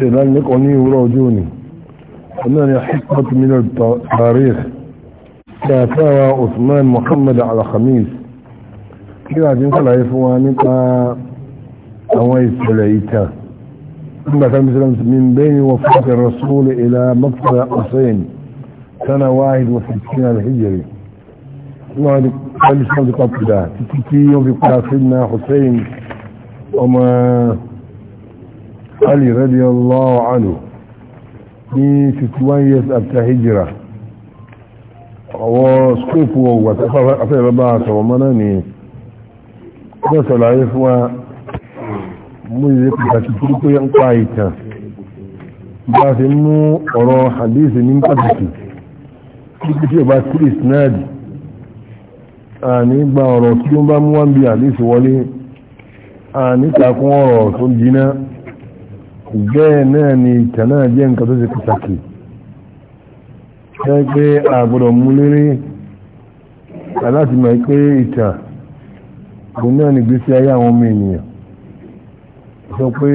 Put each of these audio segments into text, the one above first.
لك أني وراء أنني حكمة من التاريخ كافاها عثمان محمد على خميس كيف كلا جنك العفواني أويس العيتا مثلا من بين وفاة الرسول إلى مقتل حسين سنة واحد وستين الهجري wọ́n di pẹ̀lú sọ́n ti papòdà títí tí ó fi padà sí na hussein ọmọ ali radiyallahu anhu ní 51 years after hijira ọwọ́ skóòpù ọgbà tó afẹ́rẹ́ bá sọ̀rọ̀ mọ́nà ni wọ́n sọ̀láyé fún wa mú ìwé pàtàkì tó kó yẹn pa ìtàn bá ti mú ọ̀rọ̀ hadith ní pàtàkì títí tí ó bá kírí sinadi àní gba ọ̀rọ̀ tí ó bá mú wá ń bí àdísì wọlé àní takún ọ̀rọ̀ tó jiná bẹ́ẹ̀ náà ni ìtànà jẹ́ nǹkan tó ṣe pàtàkì jẹ́ pé àgbọ̀dọ̀ mú lérí aláti mọ̀ pé ìtà kò náà ní gbésí ayé àwọn ọmọ ènìyàn sọ pé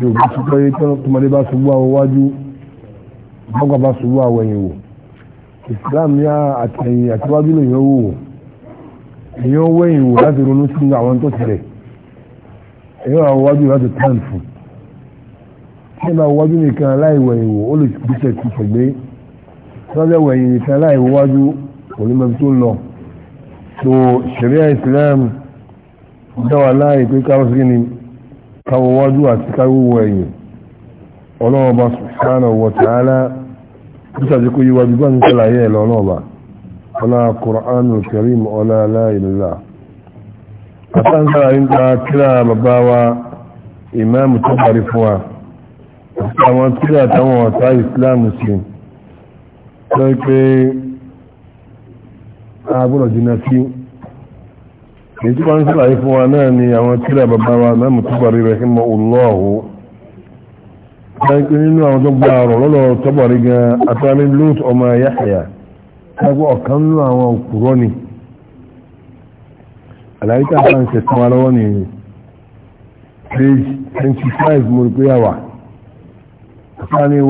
yorùbá sọ pé tọmọdé bá ṣubú àwọn wájú bọ́gbà bá ṣubú àwọn ẹ̀yìn wò ìsìlámù yá àtẹ̀yìn àtiwájú lè yẹ wò èyàn wé ìwò láti ronú sí àwọn tó tilẹ̀ èyàn àwọn wájú láti tán fún ṣé máa wájú nìkan láìwẹ̀ ìwò ó lè gbéṣẹ̀ ti ṣẹ̀gbé lọ́jọ́ wẹ̀yìn nìkan láìwọ̀ wájú kò ní mẹ́bí tó ń lọ so sharia islam dáwà láàyè pé káwọ́ sí ni káwọ́ wájú àti káwọ́ wẹ̀yìn ọlọ́wọ́ bá subhanahu wa ta'ala bí sàdékò yíwájú bá ń ṣàlàyé ẹ̀ lọ́nà ọ̀bà ولا قرآن الكريم ولا لا إله الله أتنسى أنت كلا بباوة إمام تبارفوا أتنسى كلا تموى إسلام مسلم تلك àbúrò jìnà sí èyí tí wọ́n ń sàlàyé fún wa náà ni àwọn tíra bàbá wa náà mú túbọ̀rí rẹ̀ hímọ̀ olóòhù nínú àwọn tó gba ọ̀rọ̀ lọ́lọ́ tọ́bọ̀rí gan atọ́rin lóòtù ọmọ yáhìá ẹgbọ́ ọ̀kan nínú àwọn òkúrọ́ ni àlàyíká wa lọ́wọ́ ní page 25 mo pé àwà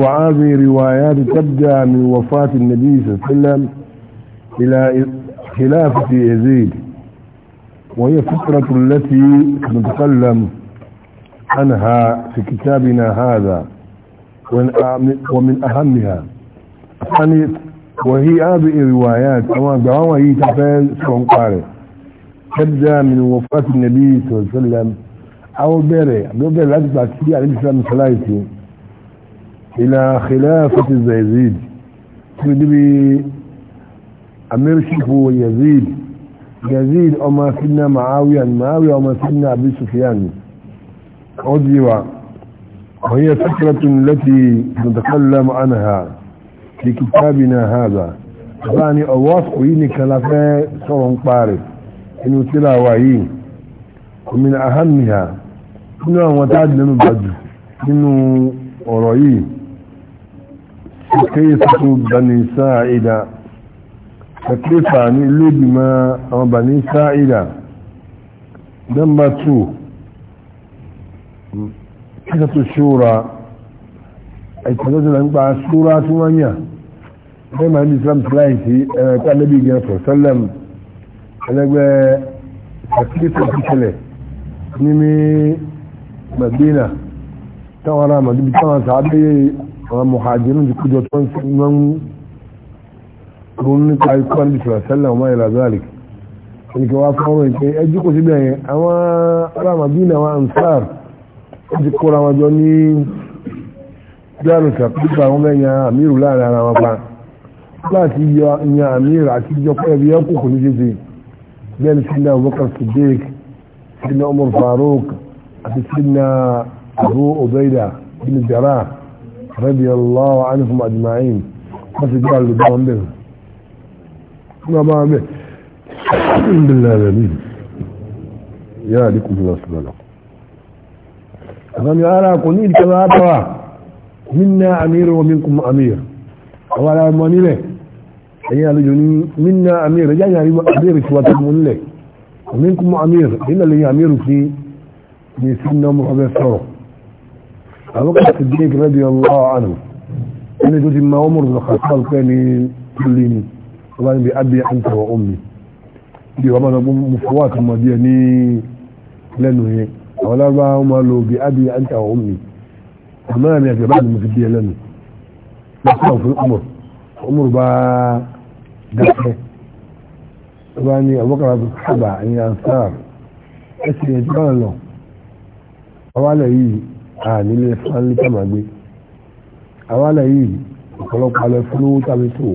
وهذه روايات تبدأ من وفاة النبي صلى الله عليه وسلم إلى خلافة يزيد وهي فكرة التي نتكلم عنها في كتابنا هذا ومن أهمها وهي هذه الروايات أما دعوة هي تفعل سوى قارئ تبدأ من وفاة النبي صلى الله عليه وسلم أو بيري بيري الأجبع كثير عليه السلام ثلاثة إلى خلافة الزيزيد تبدي أمير شيخه يزيد يزيد أما سيدنا معاوية معاوية أما سيدنا أبي سفيان أديوا وهي فكرة التي نتكلم عنها لكتابنا هذا يعني أواثق إني كلافة صورهم قارب إنه تلا وعين ومن أهمها إنه وتعد لما بعد إنه أرأيه سكيسة بني ساعدة تكلفة عن اللي بما بني ساعدة نمبر 2 كتابة الشورى أي تنزل عن بعض الشورى ثمانية ní ma ní islam fly sí ẹ̀rọ ẹ̀kọ́ anábì gan sọ sọ́lẹ̀m ẹlẹ́gbẹ́ sàkíyèsí ìṣẹ̀lẹ̀ ní ní madina táwọn ará madina táwọn sàábé àwọn muhajirun ti kújọ tó ń sí wọn ronú nípa ikú anábì sọ sọ́lẹ̀m wọn ìlà zalik ẹnìkan wá fọ́rọ̀ ìpé ẹjú kò síbẹ̀ yẹn àwọn ará madina wọn ansar ó ti kóra wọn jọ ní jáàrùsà pípa wọn bẹ́ẹ̀ yan àmírù láàrin ara wọn pa láti yọ ìyàn àmìrà àti ìjọpọ̀ ẹ̀bí ẹ̀kù kò ní jésù bẹ́ẹ̀ni sínú Abubakar Siddiq sínú Umar Farouk àti sínú Abu Ubaida bin Jarrah radiyallahu anhum ajma'in wọ́n ti gbá lùdọ́ wọn bẹ̀rẹ̀ wọ́n bá wọn bẹ̀rẹ̀ alhamdulillah rabi yára dínkù bí wọ́n sọ lọ́nà àgbàmì ara kò ní ìtẹ́lá àtàwà minna amiru wa minkum amir àwọn ará ọmọ nílẹ̀ ẹ̀yìn àlejò ní minna amir ẹ̀yà yàrí amir tí wà tó mú nílẹ̀ minkum amir nínú lẹ́yìn amir tí ní sinna mú ọbẹ̀ sọ̀rọ̀ àwọn kan ti dín kẹfẹ́ bí ọlọ́ àánú ẹni tó ti máa ọmọrùn lọ́kà tó pẹ́ ní tìlí ni wọ́n bá níbi abi anta wa ummi bí wọ́n máa lọ́gbọ́n mú fọwọ́ àtọmọ díẹ̀ ní lẹ́nu yẹn àwọn lábá wọn máa lọ bí abi anta wa ummi àmọ́ àmì àti bàbá mi ti díẹ̀ lẹ́nu lọ́kà fún ọmọ ọmọ bá dákẹ́ tó bá ní àbúkàrà tó sábà ẹ̀yìn ansáàr ẹ̀sìn ẹ̀jú bá lọ awálẹ̀ yìí à nílé fúnlẹ̀ tàmàgbé awálẹ̀ yìí ọ̀pọ̀lọpọ̀ alẹ́ fún owó tàbí tó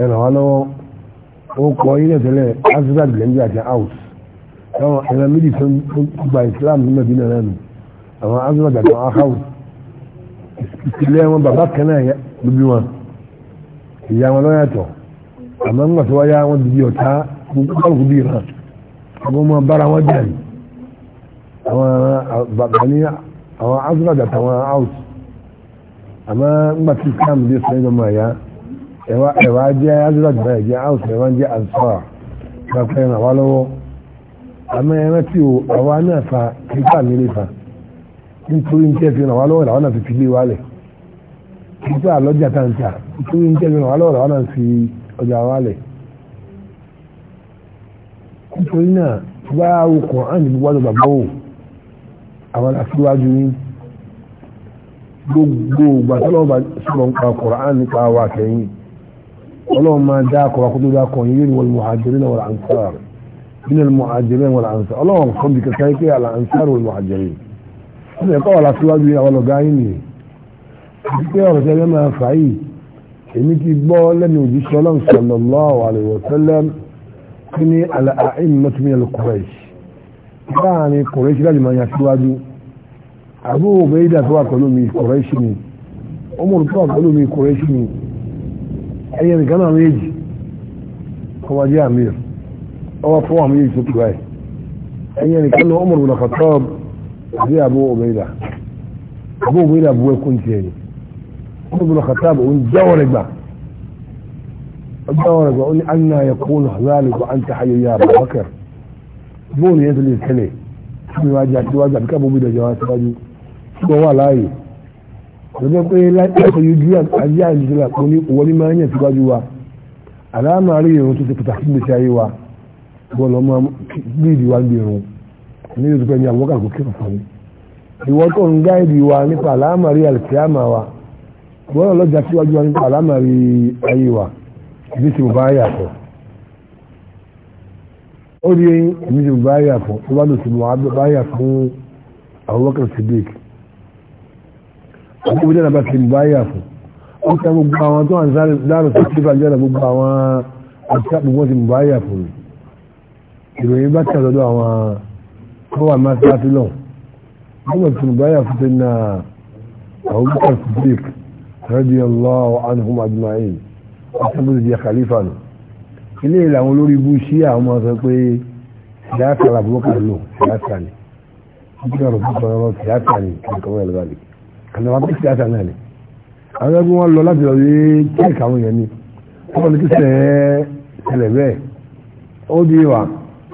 ẹ̀ràn wá lọ́wọ́ ó kọ ilé tẹ́lẹ̀ azura blender àti house táwọn ẹ̀rọ méjì tó gba Islam nínú ẹ̀bí náà nù àwọn azura àti àwọn house wọn bàbá kan náà gbogbo wọn ìyá wọn lọ́yàtọ̀ àmọ́ ń gbàtí wáyá wọn dìbí ọ̀tá gbọ́dọ̀ bí ìran àwọn ọmọ bára wọn jà ní àwọn bàbá ní àwọn azúlájà àtàwọn out àmọ́ ń gbàtí islam dé sọ́yìn ọmọ àyá ẹ̀wà jẹ́ azúlájà báyìí jẹ́ out ẹ̀wà jẹ́ ansar gbàgbẹ́ ràn wá lọ́wọ́ àmọ́ ẹran tí o àwa náà fa kíkà mi lè fa nítorí ń tẹ́ fi ràn lọ́wọ́ làwọn náà fi fi lé wálẹ̀ kíkà lọ́jà táǹtà nítorí ń tẹ́ fi ràn lọ́wọ́ làwọn náà fi ọjà wálẹ̀ nítorí náà bá okùn á níbi wájú bàbá wò àwọn aṣíwájú yín gbogbo gbàtọ́lọ́ba sọ̀rọ̀ nípa Kùránì nípa wa kẹ́yìn ọlọ́run máa dá akọ̀ akọ́tó dá akọ̀ yìí ni wal muhajirin wal ansar من المهاجرين والانصار اللهم قم بك كيفي على الانصار والمهاجرين هذا يقول على سواد ولا غايني يقول يا ما فعي èmi ti gbọ́ lẹ́nu òjíṣẹ́ ọlọ́run sallallahu alaihi kí ní àlàáhìn mọ́túnmí ẹlò láàrin kùrẹ́ṣì láti máa yàn síwájú àbúrò òbẹ́ ìdá tó wà pẹ̀lú mi kùrẹ́ṣì ni ọmọ òrùkọ́ wà pẹ̀lú mi kùrẹ́ṣì ni ẹ̀yẹ nìkan náà méjì ọwọ́ àmìr ọwọ́ fún àmì tó báyìí nìkan náà ni عمر بن الخطاب ونجاور اجمع الدور يقول لي أن يكون ذلك وأنت حي يا أبو بكر بون يدل الكلي سمي واجع تواجع بك أبو بدا جواز واجي سوى لاي لذلك قيل لا يأخذ يجيان أجياء الجلاء قولي ولي ما ينسي واجوا على ما عليه ونتوسي كتحكم بشايوا قول لهم بيدي وان بيرو ni yóò dúpẹ́ ní àwọn ọkọ̀ kí n fún mi ìwọ́n tó ń gáìdì wa nípa àlámàrí àlùkìyàmà wa wọ́n lọ́jà síwájú wa nípa àlámàrí ayé wa bí ti bá yàtọ̀ ó rí èmi ti bá yàtọ̀ tó bá lòsì mọ́ bá yà fún Abubakar Siddiq àti ìwé náà bá ti bá yà fún ó ta gbogbo àwọn tó wà ní láàrùn tó ti bàjẹ́ àti ìròyìn bá ti àdọ́dọ̀ àwọn tó máa ti láti lọ wọ́n ti bá yà fún ti na Abubakar Siddiq radiyallahu anhum ajma'in ọ̀sánbùsì jẹ́ khalifa nù ilé ìlànà olórí ibú sí àwọn ọmọ sọ pé sìdáàtà làbúkà lò sìdáàtà ni nítorí ọ̀rọ̀ fún ọ̀rọ̀ sìdáàtà ni kankan wọ́n lọ́ba lè kankan wọ́n pẹ́ sìdáàtà náà ni àwọn ẹgbẹ́ wọn lọ láti lọ rí kíkà àwọn èèyàn ni wọ́n ní kí sẹ́ẹ̀ ṣẹlẹ̀ bẹ́ẹ̀ ó di wa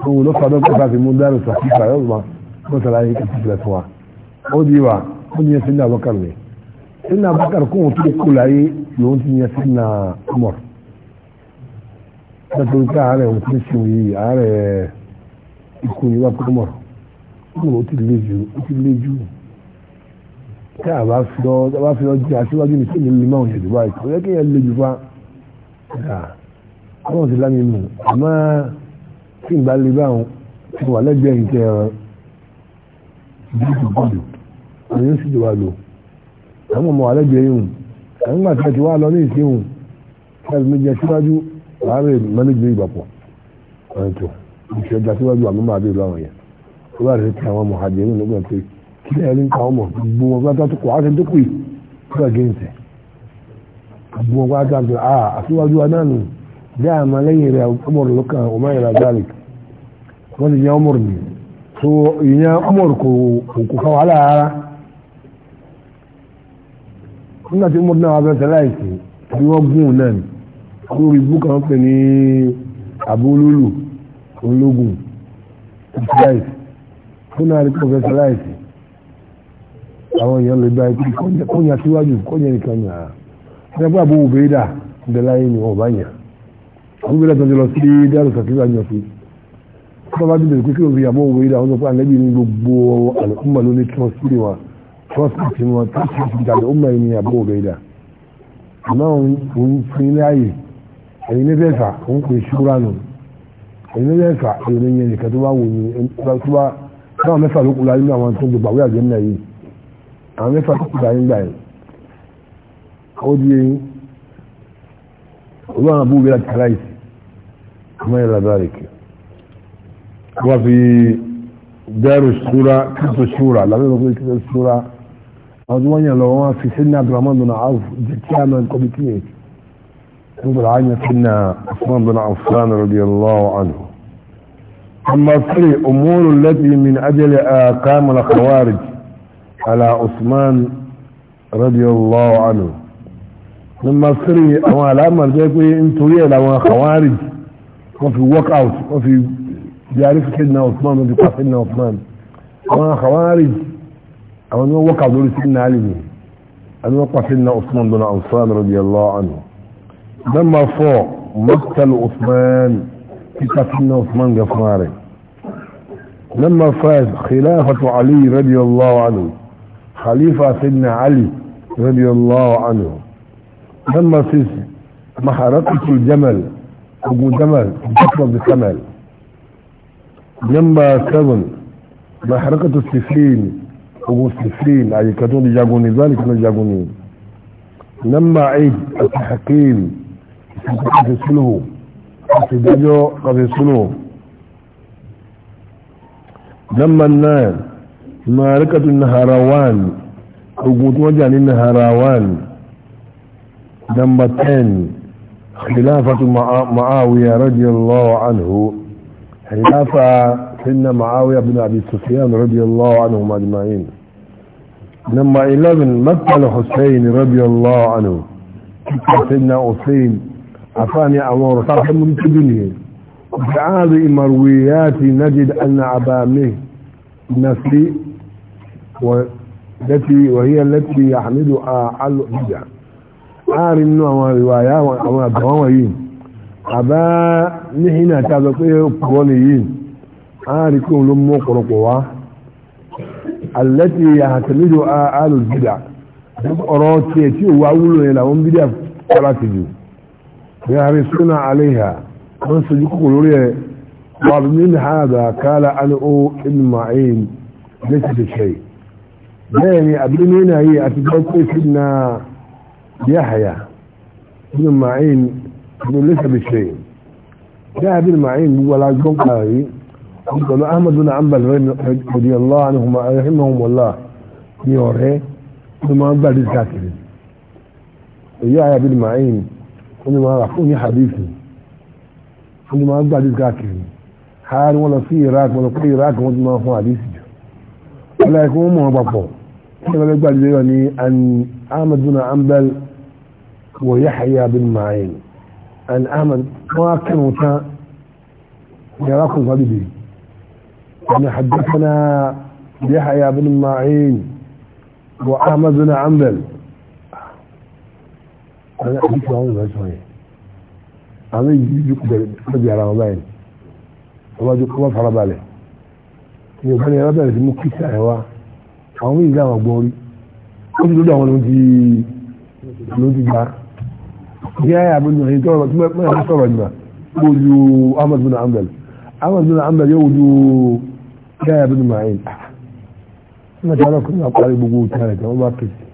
òun ló fàdọ́ pé káfí mú dárò sàkíkà yóò máa mọ́tàlá yìí kàkíkà fún wa ó di wa ó ní ẹsẹ̀ ní àbọ̀kà mi sínú abakar kó wọn tó kó láyé lòun ti yẹ sínú amọr nítorí pé ààrẹ òun ti sùn yìí ààrẹ ikú yìí wá pé mọr ó ti lé jù ó ti lé jù a bá fi ọ tí a bá fi ọ jẹ aṣíwájú ní sínú ilé máa ń yẹ dubai kò yẹ kí fa ọlọ́run ti lámì mú àmọ́ tí n bá lè bá wọn ti wà lẹ́gbẹ̀ẹ́ ìtẹ̀ ẹ̀ bí ìdìbò àmì àwọn ọmọ alẹ́gbẹ̀ẹ́ yìí hùn àwọn ìgbà tí a ti wá lọ ní ìsìn hùn ṣáà mi jẹ síwájú àárẹ̀ mẹ́lẹ́gbẹ̀ẹ́ ìgbàpọ̀ ọ̀rẹ́tọ̀ ìṣẹ̀dá síwájú àmì máa bèèrè àwọn yẹn ó bá rẹ̀ ti àwọn ọmọ àjẹrù nígbà pé kí ẹ rí nǹkan ọmọ gbogbo wọn bá tó kọ àti dókòì tó bá géńtẹ̀ gbogbo wọn bá tó àti à anáàlú dá àmà lẹ́yìn rẹ̀ ọmọrù lọ́kàn ọmọ ìlà garlic wọ́n ti yan ọmọrù mi so ìyẹn ọmọrù kò kò kọ́ wàhálà rárá nígbà tí mọ́tò náà wà bẹ́ẹ̀ tẹ́lá ìsìn bí wọ́n gún un náà ni lórí ibú kan pè ní abúlúlù ológun ìsìláìsì fún náà rí pọ̀fẹ́ sìláìsì àwọn èèyàn lè gba ikú kọ́nyà síwájú kọ́nyà nìkan yà á ṣẹ́gbà bó wù bẹ́ẹ̀dà ìdẹ́láyé ni wọ́n bá yà àwọn bẹ́ẹ̀dà tọ́jú lọ sí dárò sàkíwá yàn sí wọ́n bá dìbò pé kí òfin àbọ̀ wù bẹ́ẹ̀dà wọ́n sọ pé àlẹ́bí ní gbogbo àlẹ́kùnmọ̀ ló ní tí wọ́n sílẹ̀ wa prospect wọn tó ti fi dàbí ó mọ ènìyàn bó rẹ dà àmọ́ òun fún ilé ayé ẹ̀yin ní bẹ́ẹ̀ fà òun pè ṣúra nù ẹ̀yin ní bẹ́ẹ̀ fà ẹ̀yin ní yẹn nìkan tó bá wù ní tó bá táwọn mẹ́fà ló kù láyé ní àwọn tó ń gbogbo àwọn àjẹ́ náà yìí àwọn mẹ́fà tó kù láyé gbà yìí ó di eyín olú àwọn abúlé bí láti aláìsí àmọ́ yẹn lábẹ́ àrèké wọ́n fi dẹ́rù ṣúra kí n tó ṣúra lábẹ́ ìlú kí n tó ṣúra àwọn tí wọ́n yàn lọ wọ́n fi sínú abdulrahman bin auf jẹ́ chairman committee yẹn ń gbọ́dọ̀ á yàn sínú usman bin affan radiyallahu anhu أما في أمور التي من أجل أحكام الخوارج على عثمان رضي الله عنه لما سري أما الأمر جاكوي انتو يلا وما خوارج وفي وك أوت وفي يعرف سيدنا عثمان وفي قصدنا عثمان وما خوارج àwọn ni wọ́n wọ́kà lórí sí náà lè àwọn wọ́n pàṣẹ na usman bin affan radiyallahu anhu dama fọ mọ́tàlù usman kíkà sí usman ga fún rẹ̀ لما فاز خلافة علي رضي الله عنه خليفة سيدنا علي رضي الله عنه لما سيس محرقة الجمل أبو جمل تطلب الثمل لما سبن محرقة السفين المسلمين أي كدون يجاقون ذلك نجاقون لما عيد التحقيم قد يسلوه قد قد يسلوه لما النار معركة النهاروان أو متوجه عن النهاروان لما تن خلافة معاوية رضي الله عنه خلافة سن معاوية بن أبي سفيان رضي الله عنهما أجمعين لما 11 مثل حسين رضي الله عنه سيدنا حسين عفاني أمور صاحب منتبني في هذه مرويات نجد أن أبامه نسلي والتي وهي التي يحملها على البدع عار النوع والرواية والأبوين أبا نحن تابقيه قوليين عار يكون لهم قرقواه التي يعتمدها آل البدع أراد تيتي وأولو لهم بدع فلا تجو يحرصون عليها من سجكوا لوري ومن هذا قال أنه ابن معين ليس بشيء يعني أبنين هي أتجوكي سيدنا يحيى ابن معين ليس بشيء ده ابن معين ولا جنقه قال احمد بن عنبل رضي الله عنهما رحمهم الله يوره ثم بعد ذاكر يا يا بن معين كل ما رحوني حديثي كل ما بعد ذاكر حال ولا في راك ولا في راك ما هو حديثي ولا يكون ما بابو كما بعد ان احمد بن عنبل ويحيى بن معين ان احمد ما كان يراكم غالبين يعني حدثنا يحيى بن معين وأحمد بن عنبل أنا أحبك عمر بها شوية أنا يجيك بدي على مبين وما جيك ما فعل بالي يبقى أنا ربنا في مكي ساعة àwọn ìgbà àwọn gbọ́rí ó ti lódò àwọn lóti gbà yá àbúrò ẹni tọrọ tí mẹ́rin sọ̀rọ̀ nígbà ó ju Ahmad bin Ambal Ahmad bin Ambal yóò ju gáyà bí mà ń ta nígbà tí alákùnrin náà parí gbogbo òtún rẹ̀ tí wọ́n bá pèsè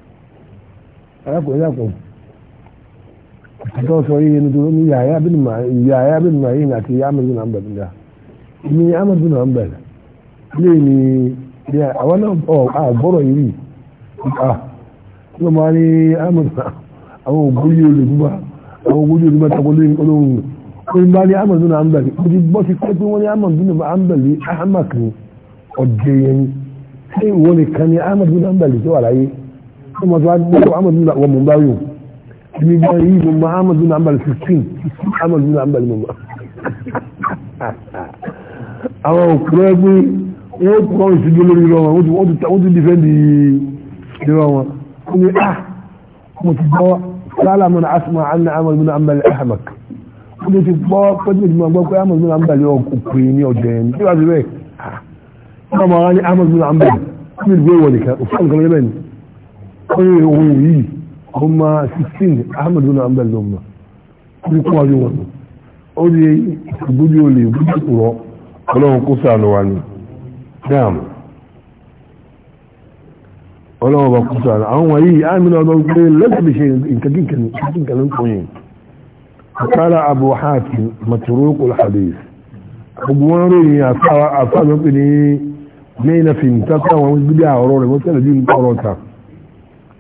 alákùnrin náà kò àtọ́ sọ yìí nítorí ní yàyà bí mà yàyà bí mà yìí àti yàmà bí mà ń bẹ̀rẹ̀ nígbà ní yàmà bí mà ń bẹ̀rẹ̀ lẹ́yìn ní àwọn náà ọ̀ àgbọ̀rọ̀ yìí ah ló máa ní yàmà àwọn ògbóyè olùdúbà àwọn ògbóyè olùdúbà tako lóyún olóhùn olùbá ní yàmà bí mà ń bẹ̀rẹ̀ mo ti gbọ́ ti pẹ́ pé wọ́n ní yàmà bí mà ń ahmak ni ọ̀dẹ̀ yẹn ṣé ìwọ nìkan ni ahmed bin hanbal tó wà láyé ṣé mo tó wá gbọ́dọ̀ ahmed bin wọ́n mú bá yòó èmi gan yìí mo mọ ahmed bin hanbal fifteen ahmed bin hanbal mo mọ. àwọn òkúrẹ́ pé wọ́n kọ́ ọ́n ìṣújú lórí irọ́ wọn wọ́n ti dìfẹ́ǹdì irọ́ wọn wọ́n ní ah mo ti gbọ́ sálà mọ́nà asma anna ahmed bin hanbal ahmed wọ́n ti gbọ́ pẹ́ẹ́tì mo ti gbọ́ pé ahmed bin hanbal yóò kú ní ọ̀dẹ̀ yẹn tí wàá bẹ́ẹ̀ ọmọ ara ní ahmed bin ambe ahmed bin wọlé kan òfin àwọn kọlọ́lẹ́ bẹ́ẹ̀ ni wọ́n yẹ ohun yìí ọmọ sixteen ahmed bin ambe ló mọ̀ ó ní kó wájú wọn ó ní ìbújú olè ìbújú kúrọ́ ọlọ́run kó sànù wa ni dáàmù ọlọ́run bá kó sànù àwọn wọ̀nyí ahmed bin ambe pé lẹ́sẹ̀ lè ṣe nǹkan kíkan kíkan ló ń kọ́ yẹn. قال أبو حاتم متروك الحديث أبو وري أفعل أفعل lẹ́yìn náà fi ń tọ́ táwọn gbígbé àwọ̀rọ̀ rẹ̀ wọ́n tẹ́lẹ̀ bí ń tọrọ ta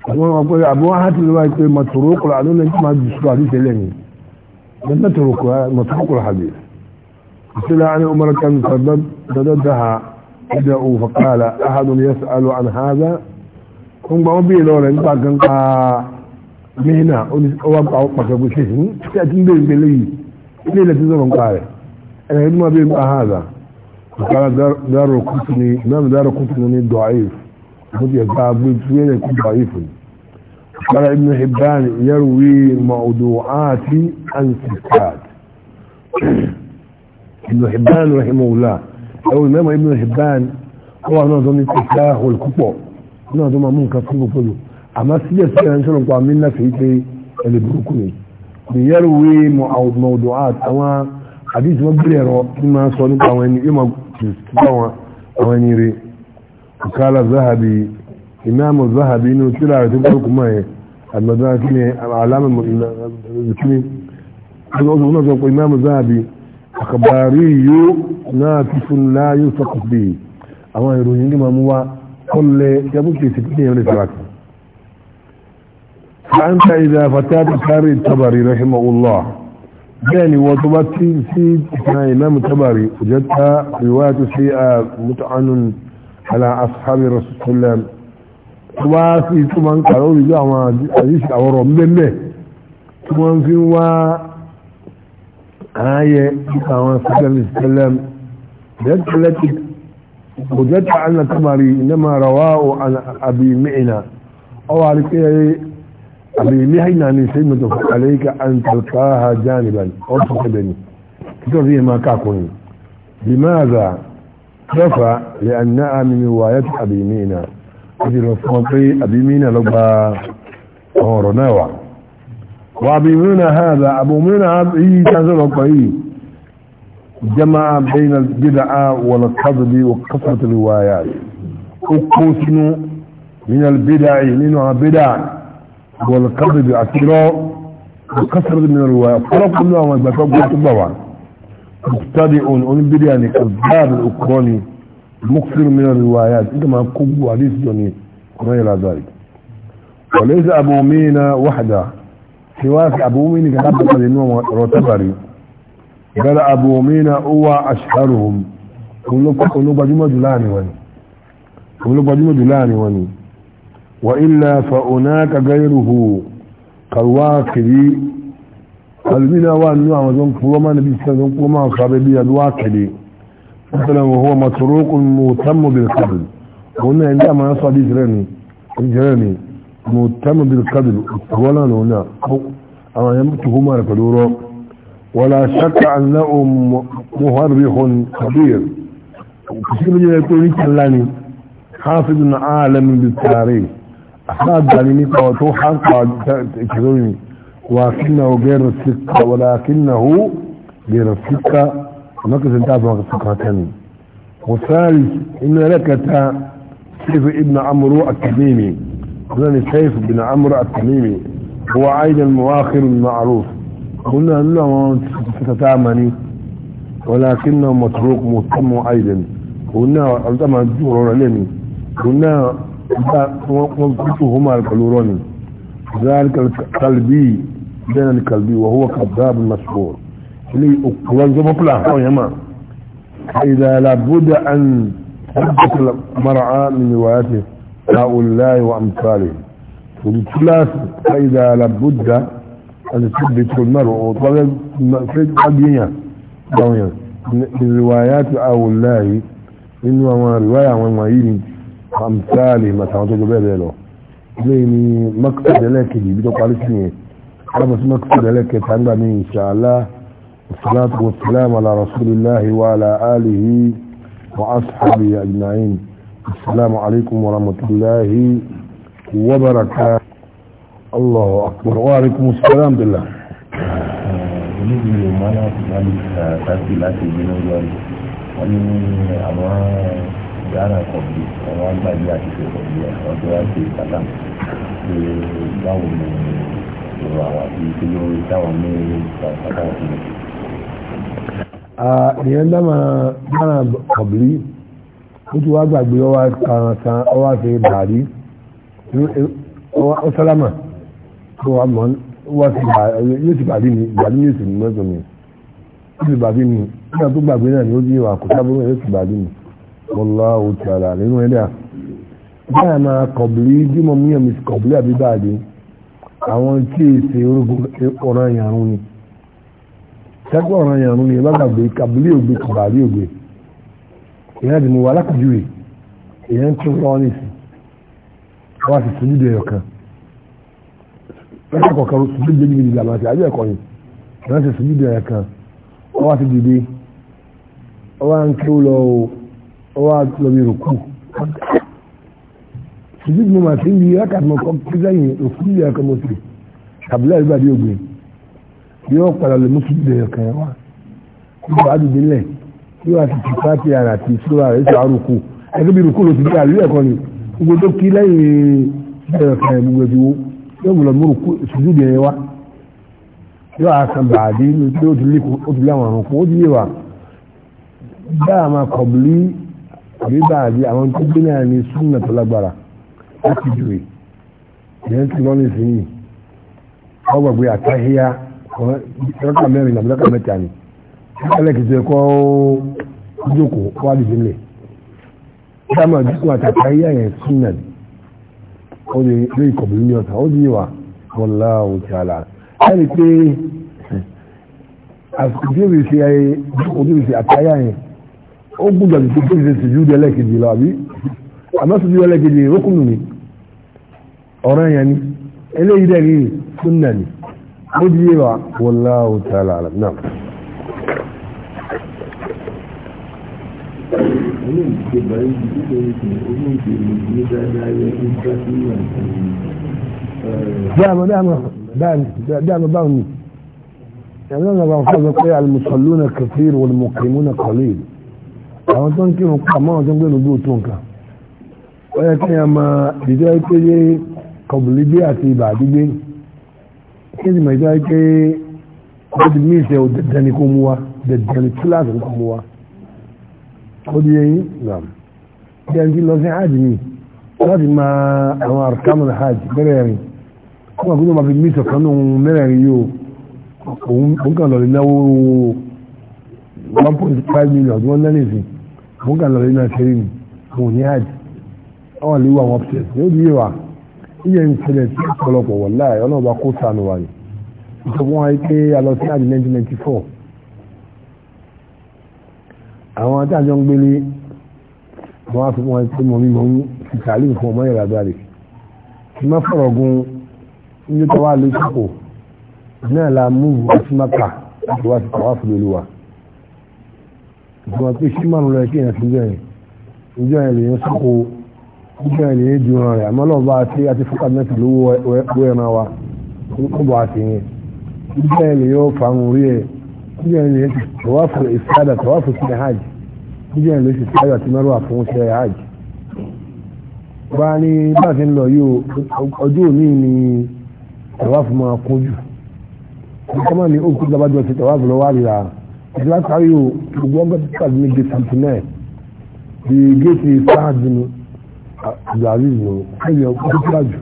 àwọn ọ̀pọ̀ àbúwá hàtì lọ́wọ́ pé mọ̀tòrókòrò àdó náà máa jù sùúrù àdúgbò lẹ́yìn mọ̀tòrókòrò àdé ìṣẹ̀lẹ̀ àni umar kan sọ̀dọ̀ dáhà ẹ̀dẹ̀ òun fàkàlà ahadun yẹ sàlù àn hàdà kún gbà wọn bí lọ rẹ̀ nípa ganka mẹ́hìnà ọwọ́ pàkàkù ṣe ṣe ń tí a ti وقال دار قطني امام دار قطني ضعيف مدي قابل فيه يكون ضعيف قال ابن حبان يروي موضوعات عن ستات ابن حبان رحمه الله او امام ابن حبان هو نظم التساه والكبر نظم منكر كله كله اما سياسي ان شاء الله عاملنا في اللي بيروي موضوعات اما àdìsí wọn gbélé ẹ̀rọ ní máa sọ nípa àwọn ẹni yóò máa tìsípa wọn àwọn ẹni rè kàlà zahabi ìmáàmù zahabi inú tíra rẹ̀ tó gbọ́dọ̀ kú mọ́ ẹ̀ àgbàdo àti ní alámù ìkíni ọdún ọdún sọ pé ìmáàmù zahabi àkàbàrí yóò náà ti fún láyé sọkọ̀ àwọn ìròyìn ní máa mú wa kọ́lẹ̀ yàtúkì sí pínlẹ̀ ìrìn sàràkì فأنت إذا فتاة كاري الطبري رحمه الله يعني وضبطي في إمام التبري وجدت رواية سيئة متعن على أصحاب الرسول صلى الله عليه وسلم وفي ثمان قالوا لي جاءوا حديث أو رمضان به ثمان في و آية أو صلى الله عليه وسلم جدت التي وجدت أن التبري إنما رواه عن أبي معنا أو على كده أبي نهينا نسيم عليك أن تلقاها جانبا أرفق بني كتبه ما كاكوني لماذا رفع لأنها من رواية أبي مينا أبي رفقي أبي مينا وأبي مينا هذا أبو مينا إيه جمع بين الجدعاء والقضب وقصة الروايات أقوسن من البدع لنها بدع والكذب اعتراء وكثرة من الرواية فرق الله ما يبقى بطبعا مبتدئ ونبرياني كذاب الأوكراني مكثر من الروايات إذا ما قبوا عليه سجني قرأي إلى ذلك وليس أبو مينا وحده سواك أبو مينا كتاب قدنوا رتبري قال أبو مينا هو أشهرهم قلوا بجمع جلاني واني قلوا بجمع جلاني واني وإلا فهناك غيره كالواكري قلبنا وأن نعمزون كلما نبي سنزون كلما صاببي الواكري مثلا وهو متروك مهتم بالقبل هنا عندما يصعد جراني جراني مهتم بالقبل ولا هنا أما يمتهما لكدوره ولا شك أنه مهرخ كبير كثير من يقول لك حافظ عالم بالتاريخ أخذني نقوى ولكنه غير الثقة ولكنه غير الثقة ونقص انتابه السكة تاني وثالث إن لك سيف ابن عمرو التميمي قلنا سيف بن عمرو التميمي هو عيد المواخر المعروف قلنا انه ستتامني ولكنه متروك مهتم ايضا قلنا طبعا قلنا وظيفتهما الكالوروني ذلك الكلبي بين الكلبي وهو كذاب مشهور لي وانظموا بلا يما إذا لابد أن تثبت المرأة من روايته هؤلاء وأمثالهم والثلاث فإذا لابد أن تثبت المرء في الدنيا من روايات هؤلاء من رواية وما kàmtàlì màtàwọn tó gbẹ́ bẹ́ẹ̀ lọ ilé ní mọ́kítàdé lẹ́ẹ̀kejì ibi tó parí sí yẹn alábọ̀ sí mọ́kítàdé lẹ́ẹ̀kẹta nígbà ní inshallah wasalaatu wasalaamu ala rasulillahi wa ala alihi wa ashabihi ajma'in assalamu alaikum wa rahmatullahi wa barakatuh allahu akbar wa alaikum assalam billah oníbi ìmọ̀lá ti wá ní ìta láti láti ìgbéná lọ́rùn wọ́n ní àwọn yàrá kọ̀bí àwọn agbáyé àtìkè kọ̀bí àwọn tó wá sí ìpàdà pé báwo ni ọ̀rọ̀ àwọn àti tí ó dáwọn ní ìpàdà òfin. ìyẹn dámà yàrá kọ̀bí ó ti wá gbàgbé ọwá kan ọwá sí bàrí ó sálámà tó wà mọ́ wá sí yóò sì bàrí ni bàrí yóò sì mọ́tò mi ó sì bàrí mi nígbà tó gbàgbé náà ni ó yé wa kò sábúrò yóò sì bàrí mi wallahu ta'ala nínú ẹ̀dá báyà máa kọ̀bìlì jímọ̀ mú yẹn mi kọ̀bìlì àbíbáàdé àwọn tí èsè orógún ọ̀ràn yàrún ni sẹ́gbọ́n ọ̀ràn yàrún ni ẹ bá gbàgbé kàbílì ògbé kàbàlì ògbé ìyá ìdìmọ̀ wà lákàjúwe ìyá ń tún lọ́wọ́ nìsí wọ́n sì tún nídìí ẹ̀yọ̀ kan lọ́sẹ̀ kọ̀ọ̀kan sùn nídìí méjì méjì làmà sí àjọ ẹ̀kọ́ yìí wọ́n sì tún nídìí ẹ̀yọ̀ kan wọ́n wá ti dìde wọ́n wá ń kí ó lọ o ọwọ́ àtúlọ́bí rùkú ṣùgbọ́n mo máa ti ń bi akàtúmọ̀ kọ́ kí sẹ́yìn òkú ìlú ẹ̀kọ́ mo sì àbúlé àdúgbàdì ògbìn yóò padà lè mú sí ìbẹ̀rẹ̀ kan wá nígbà àdúgbò nílẹ̀ yóò àti ti pàtì ara àti ìṣúra rẹ̀ ṣe àrùkù ẹgbẹ́ bí rùkú ló ti dé àlú ẹ̀kọ́ ni gbogbo tó kí lẹ́yìn ìbẹ̀rẹ̀ kan gbogbo ẹ̀bí wo yóò gbọ́dọ̀ mú rùkú ìṣújú ìbẹ̀rẹ̀ wá yóò àkàn bàdí ó ti lé àwọn àrùn kù ó ti yé wa dáàmà kọ̀bùlí àbíbà àbí àwọn tó gbé náà ní súnà tó lágbára láti jùwé ìyẹn ti lọ́nà ìsinyìí wọ́n gbàgbé àtàhíyá rọ́kà mẹ́rin àbí rọ́kà mẹ́ta ni ẹlẹ́kìtì ẹ̀kọ́ jókòó wà lè délé dáàmà jókòó àtàhíyá yẹn súnà ni ó lè lé ìkọ̀bí ní ọ̀tà ó dín wà wọ́lá òjàlá ẹni pé àsìkò tí ó àtàhíyá yẹn ó gbúdọ̀ ní pípé ṣe sì júdú ẹlẹ́kejì lọ àbí àmọ́ sì júdú ẹlẹ́kejì rókùnù ni ọ̀rọ̀ yẹn ni eléyìí dẹ̀ ní súnà ni ó di yé wa wallahu ta'ala alam náà. dáàmà dáàmà dáàmà báwọn ni ẹ̀rọ náà bá ń fọ́ sọ pé al-musalluna kathir wal-muqimuna qalil àwọn tó ń kírun pa mọ́ àwọn tó ń gbé nùgbò tó nǹkan ó yẹ kí ẹ máa ìjọ pé yé kọ̀bùlí bí àti ibà gbígbé kí ni màá ìjọ pé ó ti mí ìṣe òdẹ̀dẹ̀ni kó mú wa dẹ̀dẹ̀ni kíláàsì kó mú wa ó di yẹn gbàm bí ẹni tí lọ sí hajj mi láti máa àwọn àrùkámù hajj mẹ́rẹ̀ẹ̀rin ó wà kó tó máa fi mí ìṣọ̀kan nù mẹ́rẹ̀ẹ̀rin yóò òun kàn lọ 1.5 million tí wọ́n lẹ́nìí sí àwọn kan lọ́rọ̀ iná ṣeré ni àwọn òní hajj àwọn àlewà àwọn upstairs yóò di yíwa iye ń ṣẹlẹ̀ tí ọ̀pọ̀lọpọ̀ wọ̀ láàyè ọlọ́ọ̀bá kó sànù wà ní ìṣọ̀kan wáyé pé a lọ sí hajj 1994 àwọn adájọ́ ń gbélé àwọn afẹ́fẹ́ wọn pé mọ̀mí mọ̀mí ti tààlì fún ọmọ yàrá dáre kì má fọ̀rọ̀ gun nítorí wà lóṣù kò náà la múùbù àti máka láti wá sí tàwáfù lóluwà ìjọba pé ṣí márùn lọ kí èèyàn fi jẹ́ rẹ̀ ìjọ ẹ̀ lèyàn sọ́kò ìjọ ẹ̀ lèyàn ju ọ̀ràn rẹ̀ àmọ́ náà bá a ṣe àti fúkà mẹ́tì lówó wẹ́ ẹran wa ó bọ̀ àti yẹn ìjọ ẹ̀ lèyàn fàrùn rí ẹ̀ ìjọ ẹ̀ lèyàn tọ́wáfù ìfádà tọ́wáfù sí ẹ̀ hajj ìjọ ẹ̀ lèyàn sì sáyọ̀ àti mẹ́rù àfún sí ẹ̀ hajj. bá a bá a ti ń lọ yóò ọjọ́ òní ni tọ́wáfù máa kún jù kọ́mọ́ ni ó kú látàrí o gbogbo ọgbẹ́ tàbí ní gate twenty nine di gate sáàdì ní abdulaziz ní ẹ̀yẹ ọkọ̀tìlájù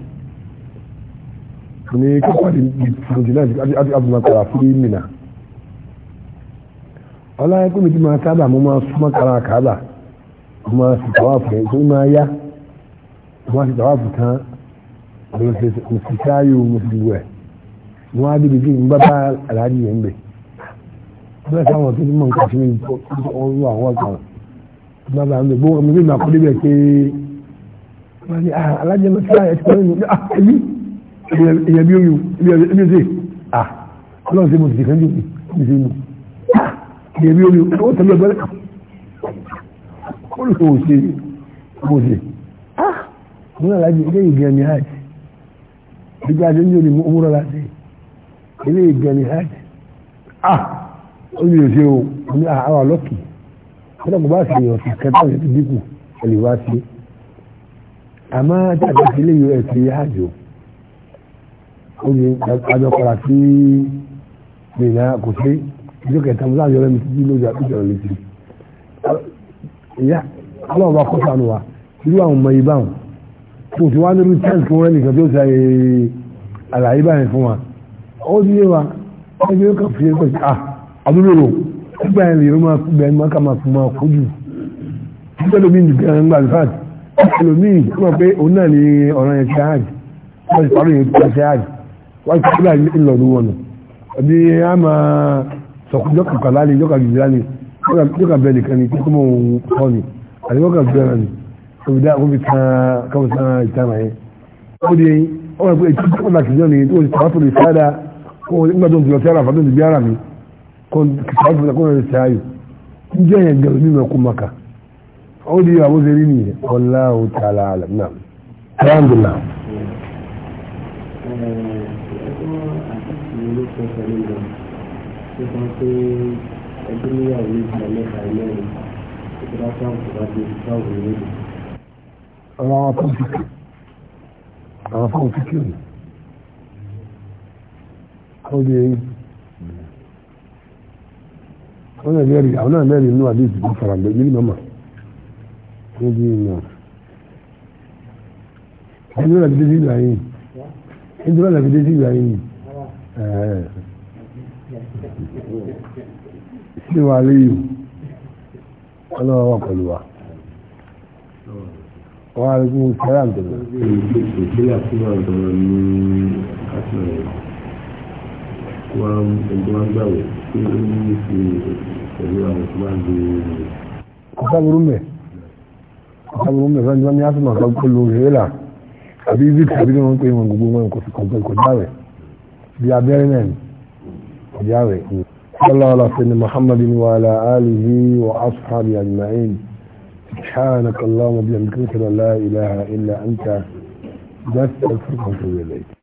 ní kápá di twenty nine àti abdulmakara fún mina ọláyé kó mi ti máa sábà mo máa súnmọ́ kara kàábà mo máa sì tàwa fún ẹ̀ tó máa yá mo máa sì tàwa fún tán mo sì ṣááyò mo sì wẹ̀ mo á débi kí n bá bá aláàjì yẹn bẹ̀ bẹ́ẹ̀ sáwọn tó ní mọ̀ nǹkan ṣe ọrùn àwọn ọ̀gá bàbá mi gbọ́ ọmọ mi máa kọ́ débẹ̀ pé wọ́n ní ah, alájẹ mẹ́ta ẹ̀ ti kọ́ nínú ah, ẹ̀mí ìyẹn bí oyún ẹ̀mí ọ̀sẹ̀ Ah, ọlọ́run ṣe mo ti kàn jù mí mi ṣe nù ìyẹn ah, bí oyún ó tẹ̀lé ọgbẹ́rẹ́ kan ó lè wò ṣe mo ṣe à mo náà lájẹ ilé ìgbẹ́ mi hajj ìgbà àjọyọ̀ ni mo múra láti ilé ìgbẹ́ mi hajj à ó yẹ ṣe o ní àwọn àlọ́kì kọ́dà kò bá sì yàn sí kẹta yẹn ti dínkù ẹ̀lì wá sí àmọ́ jáde sí ilé ìwé ẹ̀sìn àjò ó yẹ àjọ kọ́ra sí nìyà kò sí ìjọ kẹta mo láàyò lẹ́nu títí lójú àtúntò rẹ̀ létí ìyá ọlọ́run bá kọ́ sànù wa irú àwọn ọmọ yìí báwọn tó ti wá nírú tẹ́ǹtì fún rẹ̀ nìkan tó ṣe àlàyé báyìí fún wa ó ní wa ẹgbẹ́ yóò kàn fi ẹgbẹ́ ah àdúgbò nígbà yẹn lèyìn máa gbẹ ẹ máa máa fún máa kú jù nígbà lómi ní gbẹ ẹ ń gbà ní fàt ẹlòmí ó mọ̀ pé òun náà ní ọ̀ràn yẹn ti hajj wọ́n ti parí yẹn ti ṣe hajj wọ́n ti kúrò ní ìlọ̀lú wọn nù ẹbí a máa sọ̀kún jọ́kà kàlá ni jọ́kà jìjìlá ni jọ́kà bẹ́ẹ̀ nìkan ni kíkọ́ mọ̀ òun kọ́ ni àti bẹ́ẹ̀ ni òbídá òbí kan káwọn sàn ìtàn yẹn kitabu za kuna lisayo njia ya galmima kumaka odi ya wuze rini wallahu ta'ala alam naam alhamdulillah àwọn afọ́ fíkì àwọn afọ́ fíkì ni ó wọn náà lẹ́rìí àwọn náà lẹ́rìí inú àdéhùn ìdìbò fara bẹ́ẹ̀ mílí mọ́mọ́ wọ́n di iná ẹni wọ́n làbídé sí ìlú ayé ẹni wọ́n làbídé sí ìlú ayé sí wa léyìn ọlọ́wọ́ wà pẹ̀lú wa wọ́n á rí fún sẹ́rà ntẹ̀lẹ̀. ìgbésẹ̀ àtúnwá ọ̀dọ́ ní wọ́n ń gbàwé. asaburun mɛ asaburun mɛ fɛn ni asuma ka kolo hela àbí ibi tàbí kí wọn pè wọn gbogbo wọn kò sí kọjá kọjá rẹ bí abẹ́rẹ́ náà ni kọjá rẹ. sallallahu ala sayyidina muhammadin wa ala alihi wa ashabi ajma'in سبحانك اللهم وبحمدك لا اله الا انت بس الفرقه في الليل